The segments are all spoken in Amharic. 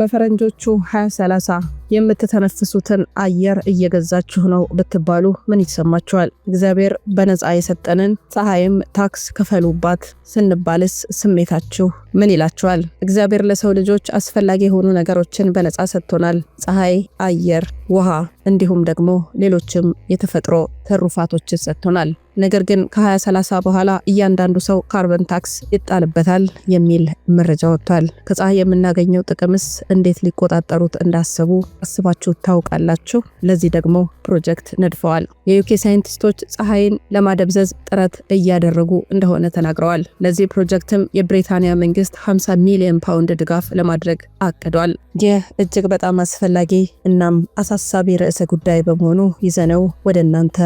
በፈረንጆቹ 2030 የምትተነፍሱትን አየር እየገዛችሁ ነው ብትባሉ ምን ይሰማችኋል? እግዚአብሔር በነፃ የሰጠንን ፀሐይም ታክስ ክፈሉባት ስንባልስ ስሜታችሁ ምን ይላችኋል? እግዚአብሔር ለሰው ልጆች አስፈላጊ የሆኑ ነገሮችን በነፃ ሰጥቶናል። ፀሐይ፣ አየር፣ ውሃ እንዲሁም ደግሞ ሌሎችም የተፈጥሮ ተሩፋቶችን ሰጥቶናል። ነገር ግን ከ2030 በኋላ እያንዳንዱ ሰው ካርበን ታክስ ይጣልበታል የሚል መረጃ ወጥቷል። ከፀሐይ የምናገኘው ጥቅምስ እንዴት ሊቆጣጠሩት እንዳሰቡ አስባችሁ ታውቃላችሁ? ለዚህ ደግሞ ፕሮጀክት ነድፈዋል። የዩኬ ሳይንቲስቶች ፀሐይን ለማደብዘዝ ጥረት እያደረጉ እንደሆነ ተናግረዋል። ለዚህ ፕሮጀክትም የብሪታንያ መንግስት 50 ሚሊዮን ፓውንድ ድጋፍ ለማድረግ አቅዷል። ይህ እጅግ በጣም አስፈላጊ እናም አሳሳቢ ርዕሰ ጉዳይ በመሆኑ ይዘነው ወደ እናንተ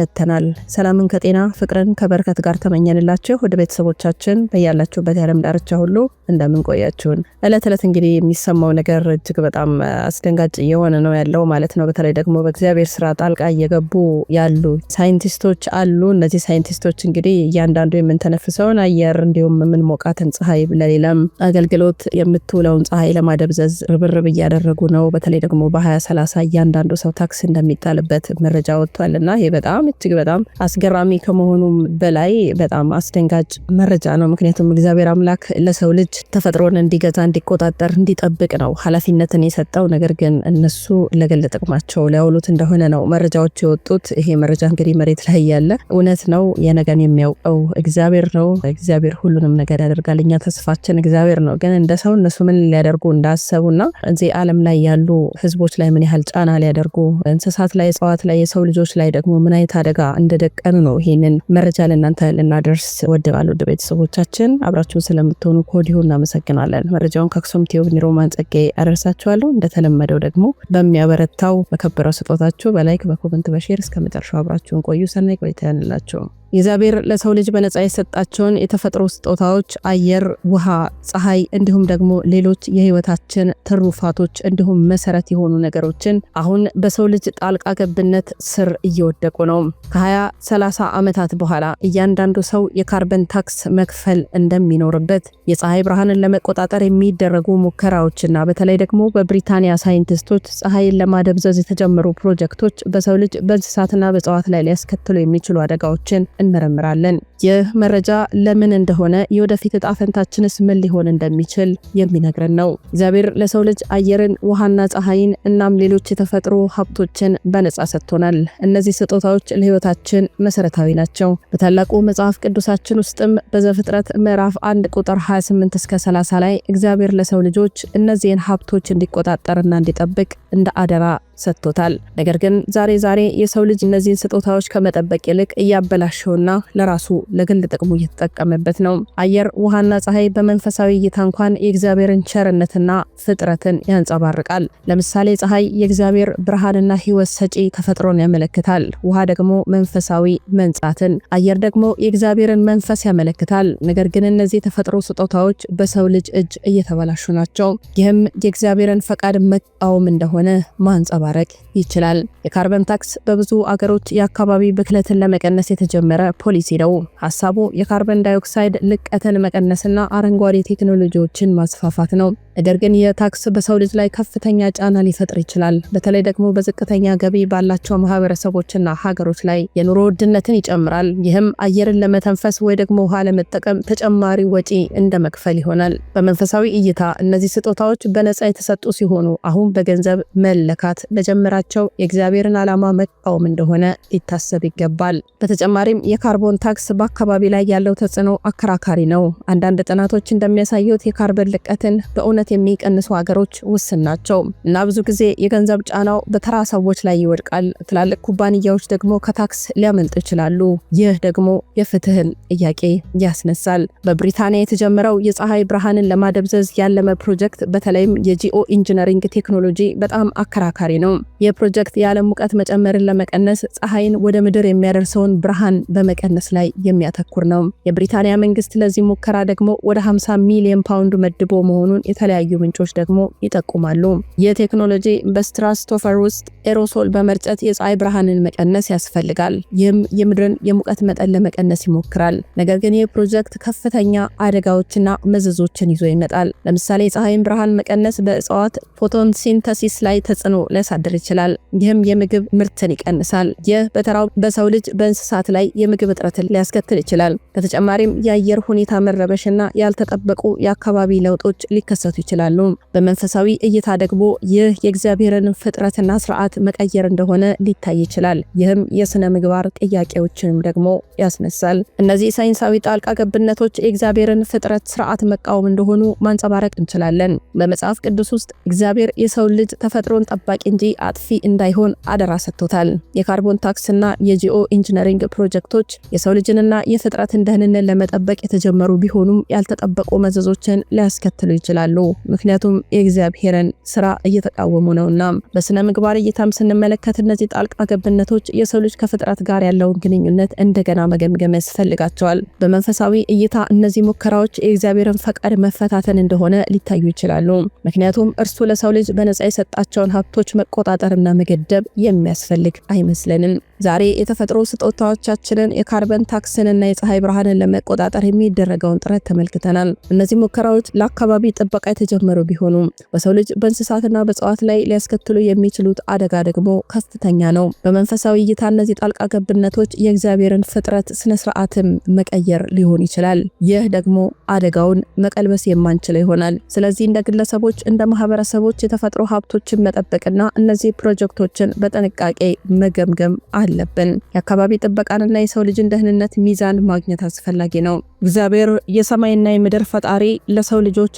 መጥተናል። ሰላምን ከጤና ፍቅርን ከበረከት ጋር ተመኘንላችሁ ወደ ቤተሰቦቻችን በያላችሁበት የዓለም ዳርቻ ሁሉ እንደምንቆያችሁን። እለት እለት እንግዲህ የሚሰማው ነገር እጅግ በጣም አስደንጋጭ እየሆነ ነው ያለው ማለት ነው። በተለይ ደግሞ በእግዚአብሔር ስራ ጣልቃ እየገቡ ያሉ ሳይንቲስቶች አሉ። እነዚህ ሳይንቲስቶች እንግዲህ እያንዳንዱ የምንተነፍሰውን አየር እንዲሁም የምንሞቃትን ፀሐይ ለሌላም አገልግሎት የምትውለውን ፀሐይ ለማደብዘዝ ርብርብ እያደረጉ ነው። በተለይ ደግሞ በ2030 እያንዳንዱ ሰው ታክስ እንደሚጣልበት መረጃ ወጥቷል እና ይህ በጣም እጅግ በጣም አስገራሚ ከመሆኑም በላይ በጣም አስደንጋጭ መረጃ ነው። ምክንያቱም እግዚአብሔር አምላክ ለሰው ልጅ ተፈጥሮን እንዲገዛ፣ እንዲቆጣጠር፣ እንዲጠብቅ ነው ኃላፊነትን የሰጠው። ነገር ግን እነሱ ለግል ጥቅማቸው ሊያውሉት እንደሆነ ነው መረጃዎች የወጡት። ይሄ መረጃ እንግዲህ መሬት ላይ ያለ እውነት ነው። የነገን የሚያውቀው እግዚአብሔር ነው። እግዚአብሔር ሁሉንም ነገር ያደርጋል። እኛ ተስፋችን እግዚአብሔር ነው። ግን እንደ ሰው እነሱ ምን ሊያደርጉ እንዳሰቡና እዚህ ዓለም ላይ ያሉ ህዝቦች ላይ ምን ያህል ጫና ሊያደርጉ እንስሳት ላይ፣ እጽዋት ላይ፣ የሰው ልጆች ላይ ደግሞ ምን አይነት አደጋ እንደደቀን ነው ይህንን መረጃ ለእናንተ ልናደርስ ወደናል። ወደ ቤተሰቦቻችን አብራችሁን ስለምትሆኑ ከወዲሁ እናመሰግናለን። መረጃውን ከአክሱም ቲዩብ ኒሮማን ጸጌ አደርሳችኋለሁ። እንደተለመደው ደግሞ በሚያበረታው በከበረው ስጦታችሁ በላይክ በኮመንት በሼር እስከ መጨረሻው አብራችሁን ቆዩ። ሰናይ ቆይታ ያንላችሁ። እግዚአብሔር ለሰው ልጅ በነፃ የሰጣቸውን የተፈጥሮ ስጦታዎች አየር፣ ውሃ፣ ፀሐይ እንዲሁም ደግሞ ሌሎች የህይወታችን ትሩፋቶች እንዲሁም መሰረት የሆኑ ነገሮችን አሁን በሰው ልጅ ጣልቃ ገብነት ስር እየወደቁ ነው። ከ20 30 ዓመታት በኋላ እያንዳንዱ ሰው የካርበን ታክስ መክፈል እንደሚኖርበት የፀሐይ ብርሃንን ለመቆጣጠር የሚደረጉ ሙከራዎችና በተለይ ደግሞ በብሪታንያ ሳይንቲስቶች ፀሐይን ለማደብዘዝ የተጀመሩ ፕሮጀክቶች በሰው ልጅ በእንስሳትና በእጽዋት ላይ ሊያስከትሉ የሚችሉ አደጋዎችን እንመረምራለን። ይህ መረጃ ለምን እንደሆነ የወደፊት እጣ ፈንታችንስ ምን ሊሆን እንደሚችል የሚነግረን ነው። እግዚአብሔር ለሰው ልጅ አየርን፣ ውሃና ፀሐይን እናም ሌሎች የተፈጥሮ ሀብቶችን በነጻ ሰጥቶናል። እነዚህ ስጦታዎች ለህይወታችን መሰረታዊ ናቸው። በታላቁ መጽሐፍ ቅዱሳችን ውስጥም በዘፍጥረት ምዕራፍ 1 ቁጥር 28 እስከ 30 ላይ እግዚአብሔር ለሰው ልጆች እነዚህን ሀብቶች እንዲቆጣጠርና እንዲጠብቅ እንደ አደራ ሰጥቶታል። ነገር ግን ዛሬ ዛሬ የሰው ልጅ እነዚህን ስጦታዎች ከመጠበቅ ይልቅ እያበላሸውና ለራሱ ለግል ጥቅሙ እየተጠቀመበት ነው። አየር፣ ውሃና ፀሐይ በመንፈሳዊ እይታ እንኳን የእግዚአብሔርን ቸርነትና ፍጥረትን ያንጸባርቃል። ለምሳሌ ፀሐይ የእግዚአብሔር ብርሃንና ሕይወት ሰጪ ተፈጥሮን ያመለክታል። ውሃ ደግሞ መንፈሳዊ መንጻትን፣ አየር ደግሞ የእግዚአብሔርን መንፈስ ያመለክታል። ነገር ግን እነዚህ የተፈጥሮ ስጦታዎች በሰው ልጅ እጅ እየተበላሹ ናቸው። ይህም የእግዚአብሔርን ፈቃድ መቃወም እንደሆነ ማንጸባ ማንጸባረቅ ይችላል። የካርበን ታክስ በብዙ አገሮች የአካባቢ ብክለትን ለመቀነስ የተጀመረ ፖሊሲ ነው። ሀሳቡ የካርበን ዳይኦክሳይድ ልቀትን መቀነስና አረንጓዴ ቴክኖሎጂዎችን ማስፋፋት ነው። ነገር ግን የታክስ በሰው ልጅ ላይ ከፍተኛ ጫና ሊፈጥር ይችላል። በተለይ ደግሞ በዝቅተኛ ገቢ ባላቸው ማህበረሰቦችና ሀገሮች ላይ የኑሮ ውድነትን ይጨምራል። ይህም አየርን ለመተንፈስ ወይ ደግሞ ውሃ ለመጠቀም ተጨማሪ ወጪ እንደ መክፈል ይሆናል። በመንፈሳዊ እይታ እነዚህ ስጦታዎች በነፃ የተሰጡ ሲሆኑ አሁን በገንዘብ መለካት ለጀመራቸው የእግዚአብሔርን ዓላማ መቃወም እንደሆነ ሊታሰብ ይገባል። በተጨማሪም የካርቦን ታክስ በአካባቢ ላይ ያለው ተጽዕኖ አከራካሪ ነው። አንዳንድ ጥናቶች እንደሚያሳዩት የካርበን ልቀትን በእውነት ብክነት የሚቀንሱ ሀገሮች ውስን ናቸው እና ብዙ ጊዜ የገንዘብ ጫናው በተራ ሰዎች ላይ ይወድቃል። ትላልቅ ኩባንያዎች ደግሞ ከታክስ ሊያመልጡ ይችላሉ። ይህ ደግሞ የፍትህን ጥያቄ ያስነሳል። በብሪታንያ የተጀመረው የፀሐይ ብርሃንን ለማደብዘዝ ያለመ ፕሮጀክት በተለይም የጂኦ ኢንጂነሪንግ ቴክኖሎጂ በጣም አከራካሪ ነው። ይህ ፕሮጀክት የዓለም ሙቀት መጨመርን ለመቀነስ ፀሐይን ወደ ምድር የሚያደርሰውን ብርሃን በመቀነስ ላይ የሚያተኩር ነው። የብሪታንያ መንግስት ለዚህ ሙከራ ደግሞ ወደ 50 ሚሊዮን ፓውንድ መድቦ መሆኑን የተለያ የተለያዩ ምንጮች ደግሞ ይጠቁማሉ። የቴክኖሎጂ በስትራስቶፈር ውስጥ ኤሮሶል በመርጨት የፀሐይ ብርሃንን መቀነስ ያስፈልጋል። ይህም የምድርን የሙቀት መጠን ለመቀነስ ይሞክራል። ነገር ግን ይህ ፕሮጀክት ከፍተኛ አደጋዎችና መዘዞችን ይዞ ይመጣል። ለምሳሌ የፀሐይን ብርሃን መቀነስ በእጽዋት ፎቶንሲንተሲስ ላይ ተጽዕኖ ሊያሳድር ይችላል። ይህም የምግብ ምርትን ይቀንሳል። ይህ በተራው በሰው ልጅ፣ በእንስሳት ላይ የምግብ እጥረትን ሊያስከትል ይችላል። በተጨማሪም የአየር ሁኔታ መረበሽና ያልተጠበቁ የአካባቢ ለውጦች ሊከሰቱ ይችላሉ። በመንፈሳዊ እይታ ደግሞ ይህ የእግዚአብሔርን ፍጥረትና ስርዓት መቀየር እንደሆነ ሊታይ ይችላል። ይህም የሥነ ምግባር ጥያቄዎችንም ደግሞ ያስነሳል። እነዚህ ሳይንሳዊ ጣልቃ ገብነቶች የእግዚአብሔርን ፍጥረት ስርዓት መቃወም እንደሆኑ ማንጸባረቅ እንችላለን። በመጽሐፍ ቅዱስ ውስጥ እግዚአብሔር የሰው ልጅ ተፈጥሮን ጠባቂ እንጂ አጥፊ እንዳይሆን አደራ ሰጥቶታል። የካርቦን ታክስና የጂኦ ኢንጂነሪንግ ፕሮጀክቶች የሰው ልጅንና የፍጥረትን ደህንነት ለመጠበቅ የተጀመሩ ቢሆኑም ያልተጠበቁ መዘዞችን ሊያስከትሉ ይችላሉ። ምክንያቱም የእግዚአብሔርን ስራ እየተቃወሙ ነውና። በስነ ምግባር እይታም ስንመለከት እነዚህ ጣልቃ ገብነቶች የሰው ልጅ ከፍጥረት ጋር ያለውን ግንኙነት እንደገና መገምገም ያስፈልጋቸዋል። በመንፈሳዊ እይታ እነዚህ ሙከራዎች የእግዚአብሔርን ፈቃድ መፈታተን እንደሆነ ሊታዩ ይችላሉ። ምክንያቱም እርሱ ለሰው ልጅ በነፃ የሰጣቸውን ሀብቶች መቆጣጠርና መገደብ የሚያስፈልግ አይመስለንም። ዛሬ የተፈጥሮ ስጦታዎቻችንን የካርበን ታክስንና የፀሐይ ብርሃንን ለመቆጣጠር የሚደረገውን ጥረት ተመልክተናል። እነዚህ ሙከራዎች ለአካባቢ ጥበቃ የተጀመሩ ቢሆኑም በሰው ልጅ በእንስሳትና በእጽዋት ላይ ሊያስከትሉ የሚችሉት አደጋ ደግሞ ከፍተኛ ነው። በመንፈሳዊ እይታ እነዚህ ጣልቃ ገብነቶች የእግዚአብሔርን ፍጥረት ስነስርዓትም መቀየር ሊሆን ይችላል። ይህ ደግሞ አደጋውን መቀልበስ የማንችለው ይሆናል። ስለዚህ እንደ ግለሰቦች፣ እንደ ማህበረሰቦች የተፈጥሮ ሀብቶችን መጠበቅና እነዚህ ፕሮጀክቶችን በጥንቃቄ መገምገም አለብን። የአካባቢ ጥበቃንና የሰው ልጅን ደህንነት ሚዛን ማግኘት አስፈላጊ ነው። እግዚአብሔር የሰማይና የምድር ፈጣሪ ለሰው ልጆች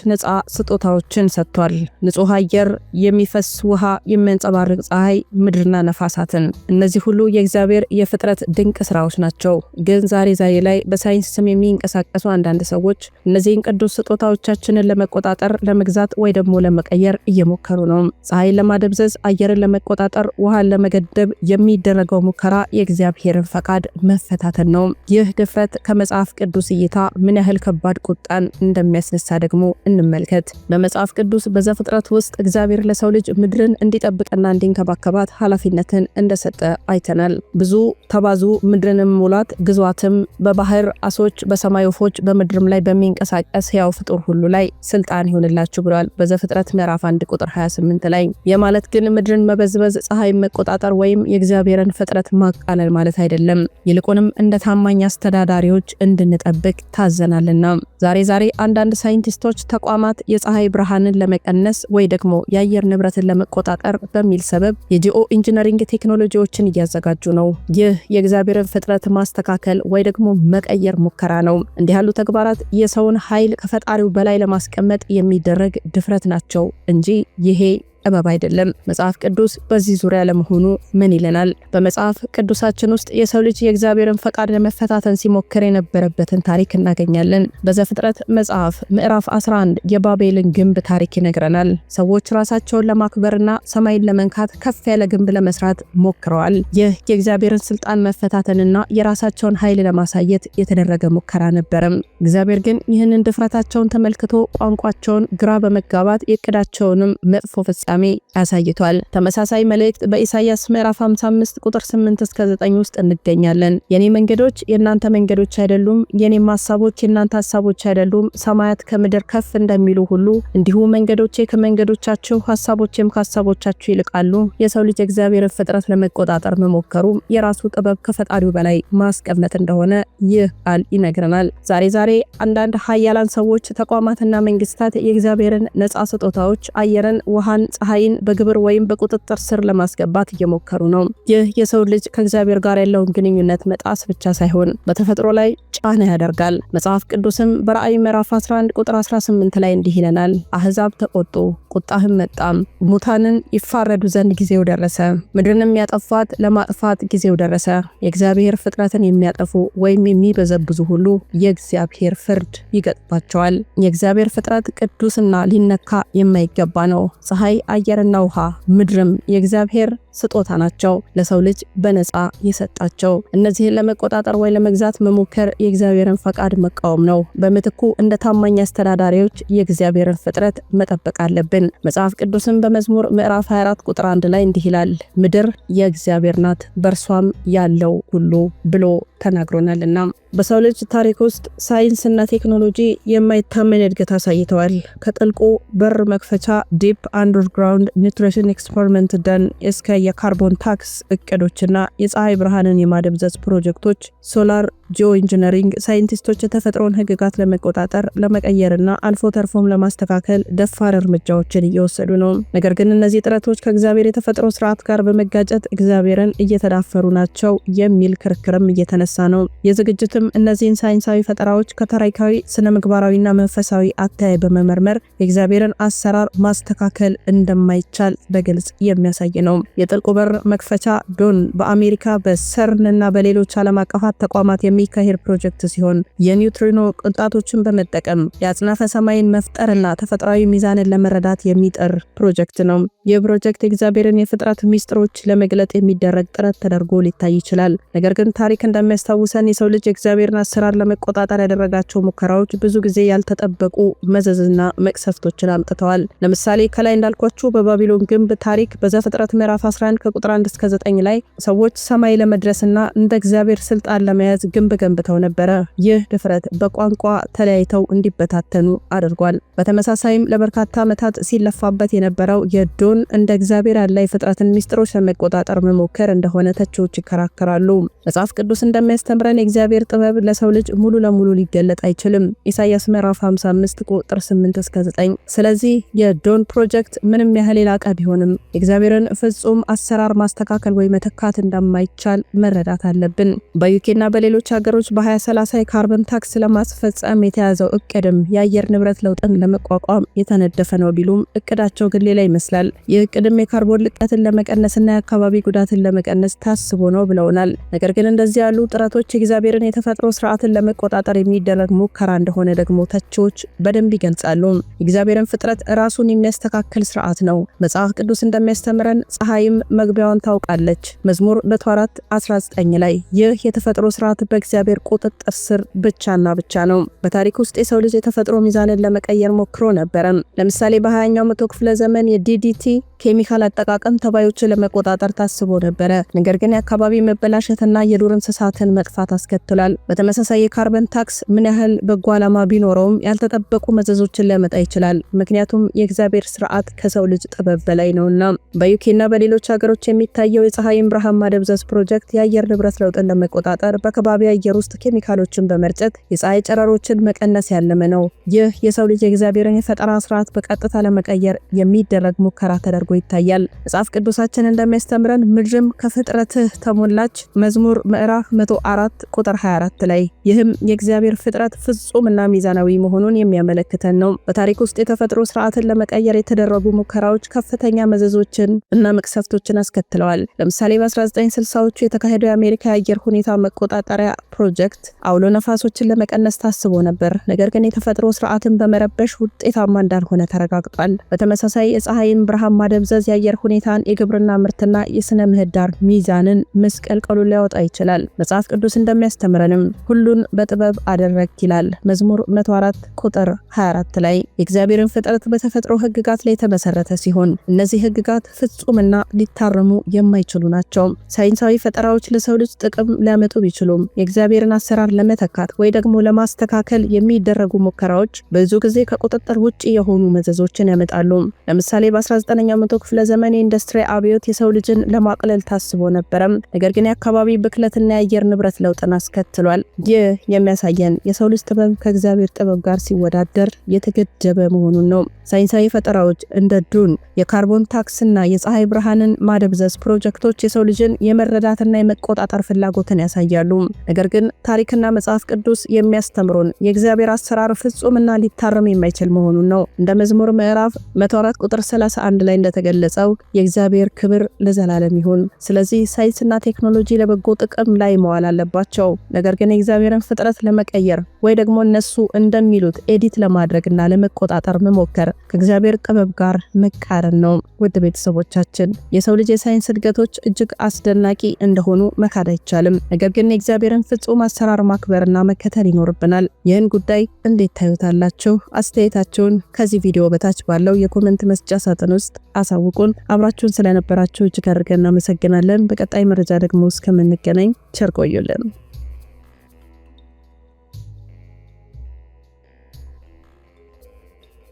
ስ ስጦታዎችን ሰጥቷል። ንጹህ አየር፣ የሚፈስ ውሃ፣ የሚያንጸባርቅ ፀሐይ፣ ምድርና ነፋሳትን። እነዚህ ሁሉ የእግዚአብሔር የፍጥረት ድንቅ ስራዎች ናቸው። ግን ዛሬ ዛሬ ላይ በሳይንስ ስም የሚንቀሳቀሱ አንዳንድ ሰዎች እነዚህን ቅዱስ ስጦታዎቻችንን ለመቆጣጠር፣ ለመግዛት ወይ ደግሞ ለመቀየር እየሞከሩ ነው። ፀሐይን ለማደብዘዝ፣ አየርን ለመቆጣጠር፣ ውሃን ለመገደብ የሚደረገው ሙከራ የእግዚአብሔርን ፈቃድ መፈታተን ነው። ይህ ድፍረት ከመጽሐፍ ቅዱስ እይታ ምን ያህል ከባድ ቁጣን እንደሚያስነሳ ደግሞ እንመልከት። በመጽሐፍ ቅዱስ በዘፍጥረት ውስጥ እግዚአብሔር ለሰው ልጅ ምድርን እንዲጠብቅና እንዲንከባከባት ኃላፊነትን እንደሰጠ አይተናል። ብዙ ተባዙ፣ ምድርንም ሙላት፣ ግዟትም በባህር አሶች፣ በሰማይ ወፎች፣ በምድርም ላይ በሚንቀሳቀስ ሕያው ፍጡር ሁሉ ላይ ስልጣን ይሆንላችሁ ብሏል። በዘፍጥረት ምዕራፍ 1 ቁጥር 28 ላይ። የማለት ግን ምድርን መበዝበዝ፣ ፀሐይ መቆጣጠር ወይም የእግዚአብሔርን ፍጥረት ማቃለል ማለት አይደለም። ይልቁንም እንደ ታማኝ አስተዳዳሪዎች እንድንጠብቅ ታዘናልና ዛሬ ዛሬ አንዳንድ ሳይንቲስቶች ተቋማት የፀሐይ ብርሃንን ለመቀነስ ወይ ደግሞ የአየር ንብረትን ለመቆጣጠር በሚል ሰበብ የጂኦ ኢንጂነሪንግ ቴክኖሎጂዎችን እያዘጋጁ ነው። ይህ የእግዚአብሔርን ፍጥረት ማስተካከል ወይ ደግሞ መቀየር ሙከራ ነው። እንዲህ ያሉ ተግባራት የሰውን ኃይል ከፈጣሪው በላይ ለማስቀመጥ የሚደረግ ድፍረት ናቸው እንጂ ይሄ ጥበብ አይደለም። መጽሐፍ ቅዱስ በዚህ ዙሪያ ለመሆኑ ምን ይለናል? በመጽሐፍ ቅዱሳችን ውስጥ የሰው ልጅ የእግዚአብሔርን ፈቃድ ለመፈታተን ሲሞክር የነበረበትን ታሪክ እናገኛለን። በዘፍጥረት መጽሐፍ ምዕራፍ 11 የባቤልን ግንብ ታሪክ ይነግረናል። ሰዎች ራሳቸውን ለማክበርና ሰማይን ለመንካት ከፍ ያለ ግንብ ለመስራት ሞክረዋል። ይህ የእግዚአብሔርን ስልጣን መፈታተንና የራሳቸውን ኃይል ለማሳየት የተደረገ ሙከራ ነበረም። እግዚአብሔር ግን ይህንን ድፍረታቸውን ተመልክቶ ቋንቋቸውን ግራ በመጋባት የቅዳቸውንም መጥፎ ፍጻሜ ድጋሚ አሳይቷል። ተመሳሳይ መልእክት በኢሳይያስ ምዕራፍ 55 ቁጥር 8 እስከ 9 ውስጥ እንገኛለን። የኔ መንገዶች የእናንተ መንገዶች አይደሉም፣ የኔም ሀሳቦች የእናንተ ሀሳቦች አይደሉም። ሰማያት ከምድር ከፍ እንደሚሉ ሁሉ እንዲሁ መንገዶቼ ከመንገዶቻችሁ፣ ሀሳቦቼም ከሀሳቦቻችሁ ይልቃሉ። የሰው ልጅ እግዚአብሔርን ፍጥረት ለመቆጣጠር መሞከሩ የራሱ ጥበብ ከፈጣሪው በላይ ማስቀመጥ እንደሆነ ይህ ቃል ይነግረናል። ዛሬ ዛሬ አንዳንድ ሀያላን ሰዎች፣ ተቋማትና መንግስታት የእግዚአብሔርን ነጻ ስጦታዎች አየርን፣ ውሃን፣ ፀሐይን በግብር ወይም በቁጥጥር ስር ለማስገባት እየሞከሩ ነው። ይህ የሰው ልጅ ከእግዚአብሔር ጋር ያለውን ግንኙነት መጣስ ብቻ ሳይሆን በተፈጥሮ ላይ ጫና ያደርጋል። መጽሐፍ ቅዱስም በራእይ ምዕራፍ 11 ቁጥር 18 ላይ እንዲህ ይለናል፣ አህዛብ ተቆጡ፣ ቁጣህም መጣም፣ ሙታንን ይፋረዱ ዘንድ ጊዜው ደረሰ፣ ምድርንም ያጠፋት ለማጥፋት ጊዜው ደረሰ። የእግዚአብሔር ፍጥረትን የሚያጠፉ ወይም የሚበዘብዙ ሁሉ የእግዚአብሔር ፍርድ ይገጥባቸዋል። የእግዚአብሔር ፍጥረት ቅዱስና ሊነካ የማይገባ ነው። ፀሐይ አየርና ውሃ ምድርም የእግዚአብሔር ስጦታ ናቸው ለሰው ልጅ በነፃ የሰጣቸው። እነዚህን ለመቆጣጠር ወይ ለመግዛት መሞከር የእግዚአብሔርን ፈቃድ መቃወም ነው። በምትኩ እንደ ታማኝ አስተዳዳሪዎች የእግዚአብሔርን ፍጥረት መጠበቅ አለብን። መጽሐፍ ቅዱስም በመዝሙር ምዕራፍ 24 ቁጥር 1 ላይ እንዲህ ይላል፣ ምድር የእግዚአብሔር ናት በእርሷም ያለው ሁሉ ብሎ ተናግሮናልና። በሰው ልጅ ታሪክ ውስጥ ሳይንስና ቴክኖሎጂ የማይታመን እድገት አሳይተዋል። ከጥልቁ በር መክፈቻ ዲፕ አንደርግራውንድ ኒትሬሽን ኤክስፐሪመንት ደን እስከ የካርቦን ታክስ እቅዶችና የፀሐይ ብርሃንን የማደብዘዝ ፕሮጀክቶች ሶላር ጂኦ ኢንጂነሪንግ ሳይንቲስቶች የተፈጥሮን ህግጋት ለመቆጣጠር ለመቀየርና አልፎ ተርፎም ለማስተካከል ደፋር እርምጃዎችን እየወሰዱ ነው። ነገር ግን እነዚህ ጥረቶች ከእግዚአብሔር የተፈጥሮ ስርዓት ጋር በመጋጨት እግዚአብሔርን እየተዳፈሩ ናቸው የሚል ክርክርም እየተነሳ ነው። የዝግጅትም እነዚህን ሳይንሳዊ ፈጠራዎች ከታሪካዊ ስነ ምግባራዊና መንፈሳዊ አተያይ በመመርመር የእግዚአብሔርን አሰራር ማስተካከል እንደማይቻል በግልጽ የሚያሳይ ነው። የጥልቁ በር መክፈቻ ዶን በአሜሪካ በሰርን እና በሌሎች ዓለም አቀፋት ተቋማት የሚካሄድ ፕሮጀክት ሲሆን የኒውትሪኖ ቅንጣቶችን በመጠቀም የአጽናፈ ሰማይን መፍጠርና ተፈጥሯዊ ሚዛንን ለመረዳት የሚጠር ፕሮጀክት ነው። ይህ ፕሮጀክት የእግዚአብሔርን የፍጥረት ሚስጥሮች ለመግለጥ የሚደረግ ጥረት ተደርጎ ሊታይ ይችላል። ነገር ግን ታሪክ እንደሚያስታውሰን የሰው ልጅ የእግዚአብሔርን አሰራር ለመቆጣጠር ያደረጋቸው ሙከራዎች ብዙ ጊዜ ያልተጠበቁ መዘዝና መቅሰፍቶችን አምጥተዋል። ለምሳሌ ከላይ እንዳልኳችሁ በባቢሎን ግንብ ታሪክ በዘፍጥረት ምዕራፍ 11 ከቁጥር 1 እስከ 9 ላይ ሰዎች ሰማይ ለመድረስና እንደ እግዚአብሔር ስልጣን ለመያዝ ግንብ ገንብተው ነበረ። ይህ ድፍረት በቋንቋ ተለያይተው እንዲበታተኑ አድርጓል። በተመሳሳይም ለበርካታ ዓመታት ሲለፋበት የነበረው የዶን እንደ እግዚአብሔር ያለ የፍጥረትን ሚስጥሮች ለመቆጣጠር መሞከር እንደሆነ ተቺዎች ይከራከራሉ። መጽሐፍ ቅዱስ እንደሚያስተምረን የእግዚአብሔር ጥበብ ለሰው ልጅ ሙሉ ለሙሉ ሊገለጥ አይችልም። ኢሳያስ ምዕራፍ 55 ቁጥር 8 እስከ 9። ስለዚህ የዶን ፕሮጀክት ምንም ያህል የላቀ ቢሆንም የእግዚአብሔርን ፍጹም አሰራር ማስተካከል ወይ መተካት እንደማይቻል መረዳት አለብን። በዩኬና በሌሎች ሀገሮች በ2030 የካርበን ታክስ ለማስፈጸም የተያዘው እቅድም የአየር ንብረት ለውጥን ለመቋቋም የተነደፈ ነው ቢሉም እቅዳቸው ግን ሌላ ይመስላል። ይህ እቅድም የካርቦን ልቀትን ለመቀነስና የአካባቢ ጉዳትን ለመቀነስ ታስቦ ነው ብለውናል። ነገር ግን እንደዚህ ያሉ ጥረቶች የእግዚአብሔርን የተፈጥሮ ስርዓትን ለመቆጣጠር የሚደረግ ሙከራ እንደሆነ ደግሞ ተቺዎች በደንብ ይገልጻሉ። የእግዚአብሔርን ፍጥረት ራሱን የሚያስተካከል ስርዓት ነው። መጽሐፍ ቅዱስ እንደሚያስተምረን ፀሐይም መግቢያዋን ታውቃለች። መዝሙር 104 19 ላይ ይህ የተፈጥሮ ስርዓት በእግዚአብሔር ቁጥጥር ስር ብቻና ብቻ ነው። በታሪክ ውስጥ የሰው ልጅ የተፈጥሮ ሚዛንን ለመቀየር ሞክሮ ነበረ። ለምሳሌ በ20ኛው መቶ ክፍለ ዘመን የዲዲቲ ኬሚካል አጠቃቀም ተባዮችን ለመቆጣጠር ታስቦ ነበረ። ነገር ግን የአካባቢ መበላሸትና የዱር እንስሳትን መጥፋት አስከትሏል። በተመሳሳይ የካርበን ታክስ ምን ያህል በጎ ዓላማ ቢኖረውም ያልተጠበቁ መዘዞችን ሊያመጣ ይችላል። ምክንያቱም የእግዚአብሔር ስርዓት ከሰው ልጅ ጥበብ በላይ ነውና። በዩኬና በሌሎች ሀገሮች የሚታየው የፀሐይን ብርሃን ማደብዘዝ ፕሮጀክት የአየር ንብረት ለውጥን ለመቆጣጠር በከባቢ አየር ውስጥ ኬሚካሎችን በመርጨት የፀሐይ ጨረሮችን መቀነስ ያለመ ነው። ይህ የሰው ልጅ የእግዚአብሔርን የፈጠራ ስርዓት በቀጥታ ለመቀየር የሚደረግ ሙከራ ተደርጎ ይታያል። መጽሐፍ ቅዱሳችን እንደሚያስተምረን ምድርም ከፍጥረትህ ተሞላች መዝሙር ምዕራፍ 104 ቁጥር 24 ላይ ይህም የእግዚአብሔር ፍጥረት ፍጹም እና ሚዛናዊ መሆኑን የሚያመለክተን ነው። በታሪክ ውስጥ የተፈጥሮ ስርዓትን ለመቀየር የተደረጉ ሙከራዎች ከፍተኛ መዘዞችን እና መቅሰፍቶች ውጤቶችን አስከትለዋል። ለምሳሌ በ1960ዎቹ የተካሄደው የአሜሪካ የአየር ሁኔታ መቆጣጠሪያ ፕሮጀክት አውሎ ነፋሶችን ለመቀነስ ታስቦ ነበር። ነገር ግን የተፈጥሮ ስርዓትን በመረበሽ ውጤታማ እንዳልሆነ ተረጋግጧል። በተመሳሳይ የፀሐይን ብርሃን ማደብዘዝ የአየር ሁኔታን፣ የግብርና ምርትና የስነ ምህዳር ሚዛንን ምስቀልቀሉ ሊያወጣ ይችላል። መጽሐፍ ቅዱስ እንደሚያስተምረንም ሁሉን በጥበብ አደረግ ይላል መዝሙር 104 ቁጥር 24 ላይ። የእግዚአብሔርን ፍጥረት በተፈጥሮ ህግጋት ላይ የተመሰረተ ሲሆን እነዚህ ህግጋት ፍጹምና ሊታረሙ የማይችሉ ናቸው። ሳይንሳዊ ፈጠራዎች ለሰው ልጅ ጥቅም ሊያመጡ ቢችሉም የእግዚአብሔርን አሰራር ለመተካት ወይ ደግሞ ለማስተካከል የሚደረጉ ሙከራዎች ብዙ ጊዜ ከቁጥጥር ውጭ የሆኑ መዘዞችን ያመጣሉ። ለምሳሌ በ19ኛው መቶ ክፍለ ዘመን የኢንዱስትሪ አብዮት የሰው ልጅን ለማቅለል ታስቦ ነበረም። ነገር ግን የአካባቢ ብክለትና የአየር ንብረት ለውጥን አስከትሏል። ይህ የሚያሳየን የሰው ልጅ ጥበብ ከእግዚአብሔር ጥበብ ጋር ሲወዳደር የተገደበ መሆኑን ነው። ሳይንሳዊ ፈጠራዎች እንደ ዱን የካርቦን ታክስና የፀሐይ ብርሃንን ማደብዘዝ ፕሮጀክቶች የሰው ልጅን የመረዳትና የመቆጣጠር ፍላጎትን ያሳያሉ። ነገር ግን ታሪክና መጽሐፍ ቅዱስ የሚያስተምሩን የእግዚአብሔር አሰራር ፍጹምና ሊታረም የማይችል መሆኑን ነው። እንደ መዝሙር ምዕራፍ 104 ቁጥር 31 ላይ እንደተገለጸው የእግዚአብሔር ክብር ለዘላለም ይሁን። ስለዚህ ሳይንስና ቴክኖሎጂ ለበጎ ጥቅም ላይ መዋል አለባቸው። ነገር ግን የእግዚአብሔርን ፍጥረት ለመቀየር ወይ ደግሞ እነሱ እንደሚሉት ኤዲት ለማድረግና ለመቆጣጠር መሞከር ከእግዚአብሔር ጥበብ ጋር መቃረን ነው። ውድ ቤተሰቦቻችን የሰው ልጅ የሳይንስ እድገቶች እጅግ አስደናቂ እንደሆኑ መካድ አይቻልም። ነገር ግን የእግዚአብሔርን ፍጹም አሰራር ማክበርና መከተል ይኖርብናል። ይህን ጉዳይ እንዴት ታዩታላችሁ? አስተያየታችሁን ከዚህ ቪዲዮ በታች ባለው የኮመንት መስጫ ሳጥን ውስጥ አሳውቁን። አብራችሁን ስለነበራችሁ እጅግ አድርገን እናመሰግናለን። በቀጣይ መረጃ ደግሞ እስከምንገናኝ ቸር ቆዩልን።